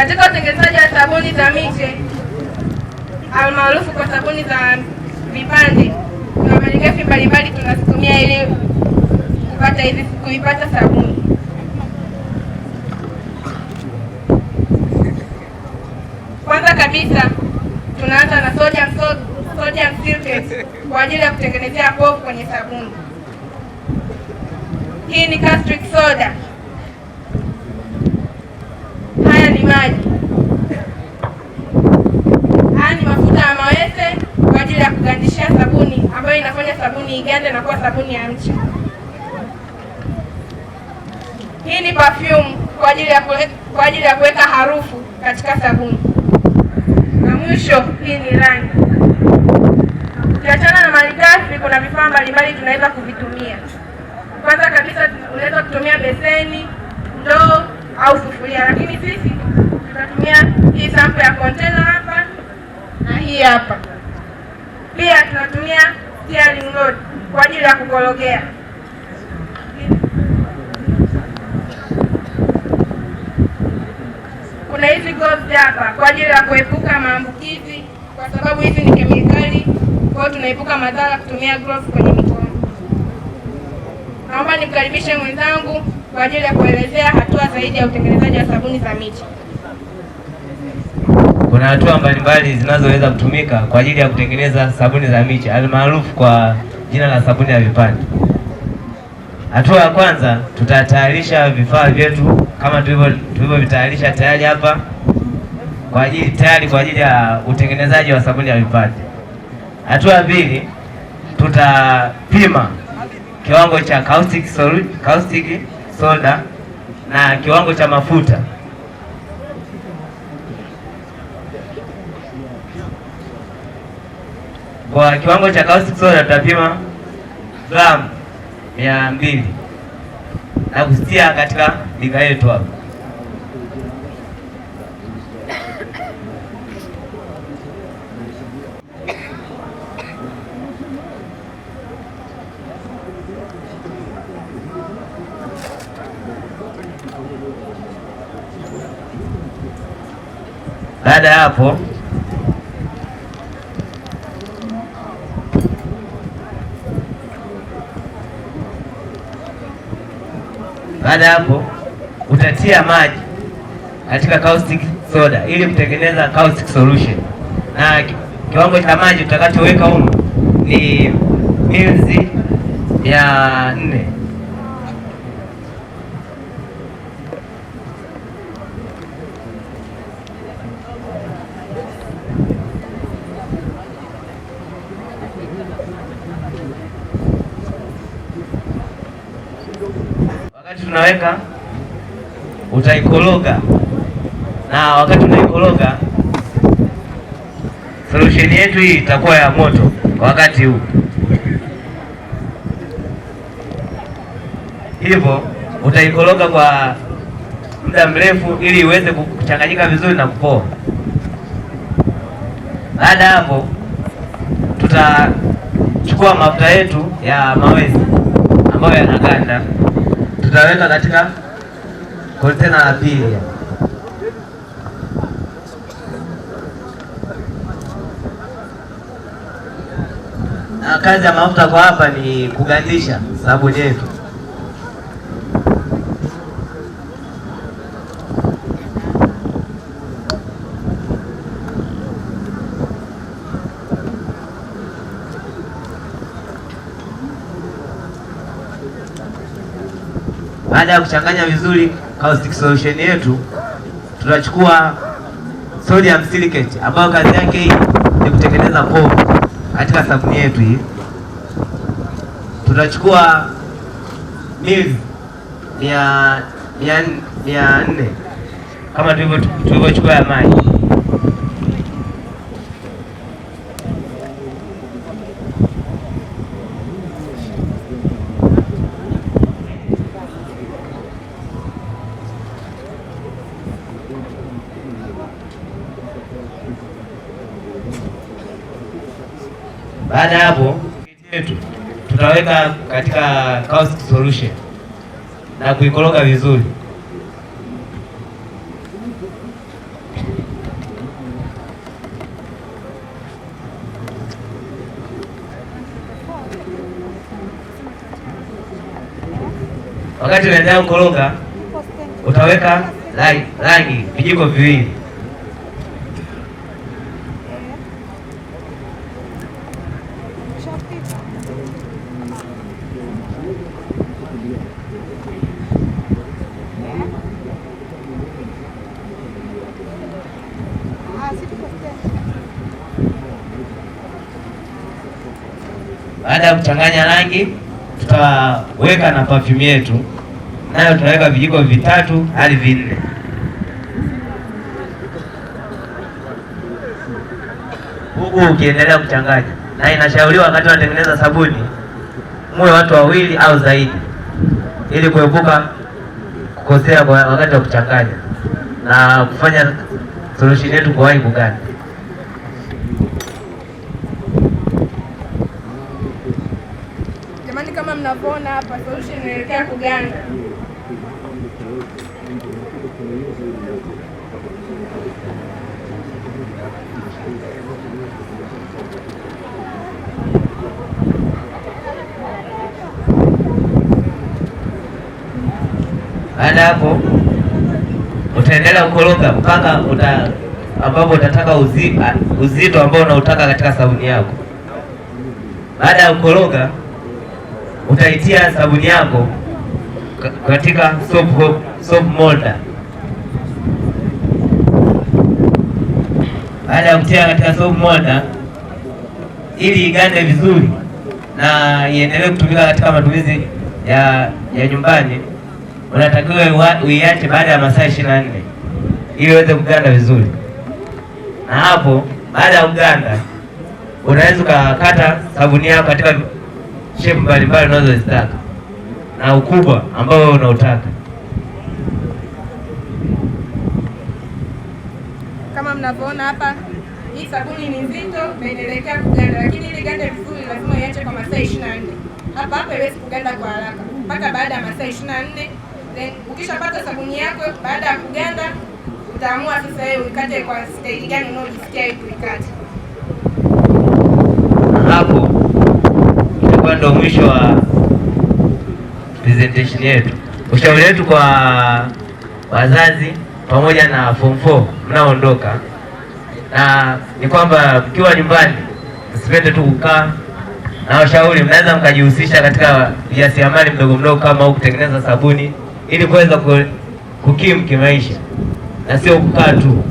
katika utengenezaji wa sabuni za miche almaarufu kwa sabuni za vipande, na malighafi mbalimbali tunazitumia ili kupata hizi kuipata sabuni. Kwanza kabisa tunaanza na sodium sodium silicate kwa ajili ya kutengenezea povu kwenye sabuni. Hii ni caustic soda sabuni igande na kuwa sabuni ya mche. Hii ni perfume kwa ajili ya kwa ajili ya kuweka harufu katika sabuni. Na mwisho, hii ni rangi. Ukiachana na malighafi, kuna vifaa mbalimbali tunaweza kuvitumia. Kwanza kabisa, unaweza kutumia beseni, ndoo au sufuria, lakini sisi tunatumia hii sample ya container hapa na hii hapa. Pia tunatumia steering load kwa ajili ya kukorogea. Kuna hizi gloves hapa kwa ajili ya kuepuka maambukizi, kwa sababu hizi ni kemikali, kwa hiyo tunaepuka madhara kutumia gloves kwenye mikono. Naomba nimkaribishe mwenzangu kwa ajili ya kuelezea hatua zaidi ya utengenezaji wa sabuni za miti kuna hatua mbalimbali zinazoweza kutumika kwa ajili ya kutengeneza sabuni za miche almaarufu kwa jina la sabuni ya vipande. Hatua ya kwanza, tutatayarisha vifaa vyetu kama tulivyovitayarisha tayari hapa kwa ajili tayari kwa ajili ya utengenezaji wa sabuni ya vipande. Hatua ya pili, tutapima kiwango cha caustic soda na kiwango cha mafuta Kwa kiwango cha caustic soda tutapima gramu mia mbili na kusitia katika bika yetu hapo. Baada ya hapo Baada ya hapo, utatia maji katika caustic soda ili kutengeneza caustic solution, na kiwango cha maji utakachoweka huko ni mililita mia nne. tunaweka utaikoroga, na wakati unaikoroga solution yetu hii itakuwa ya moto kwa wakati huu. Hivyo utaikoroga kwa muda mrefu ili iweze kuchanganyika vizuri na kupoa. Baada ya hapo, tutachukua mafuta yetu ya mawezi ambayo yanaganda tutaweka katika kontena la pili. Na kazi ya mafuta kwa hapa ni kugandisha sabuni yetu. baada ya kuchanganya vizuri caustic solution yetu, tunachukua sodium silicate ambayo kazi yake hii ni kutengeneza povu katika sabuni yetu hii. Tunachukua mili mia nne kama tulivyochukua ya maji Baada ya hapo yetu tutaweka katika caustic solution na kuikoroga vizuri. Wakati unaendelea kukoroga, utaweka rangi vijiko viwili Baada ya kuchanganya rangi, tutaweka na perfume yetu, nayo tutaweka vijiko vitatu hadi vinne. Huku ukiendelea kuchanganya, na inashauriwa wakati wanatengeneza sabuni muwe watu wawili au zaidi, ili kuepuka kukosea kwa wakati wa kuchanganya na kufanya solution yetu kuwahi kuganda. kama mnavyoona hapa, sauti inaelekea kuganda. Baada hapo utaendelea kukoroga mpaka uta ambapo utataka uzi, uzito ambao unautaka katika sabuni yako. Baada ya kukoroga utaitia sabuni yako katika soap, soap molder. Baada ya kutia katika soap molder, ili igande vizuri na iendelee kutumika katika matumizi ya, ya nyumbani, unatakiwa uiache baada ya masaa ishirini na nne ili iweze kuganda vizuri. Na hapo baada ya kuganda, unaweza ukakata sabuni yako katika shepu mbalimbali unazozitaka na ukubwa ambao wewe unaotaka. Kama mnavyoona hapa, hii sabuni ni nzito na inaelekea kuganda, lakini ile ganda vizuri lazima iache kwa masaa 24. Hapa hapa iwezi kuganda kwa haraka mpaka baada ya masaa 24. Then ukishapata sabuni yako baada ya kuganda, utaamua sasa wewe uikate kwa stage gani unaojisikia kuikata. ndo mwisho wa presentation yetu. Ushauri wetu kwa wazazi pamoja na form 4 mnaondoka, na ni kwamba mkiwa nyumbani msipende tu kukaa, na washauri mnaweza mkajihusisha katika ujasiriamali mdogo mdogo kama au kutengeneza sabuni ili kuweza kukimu kimaisha na sio kukaa tu.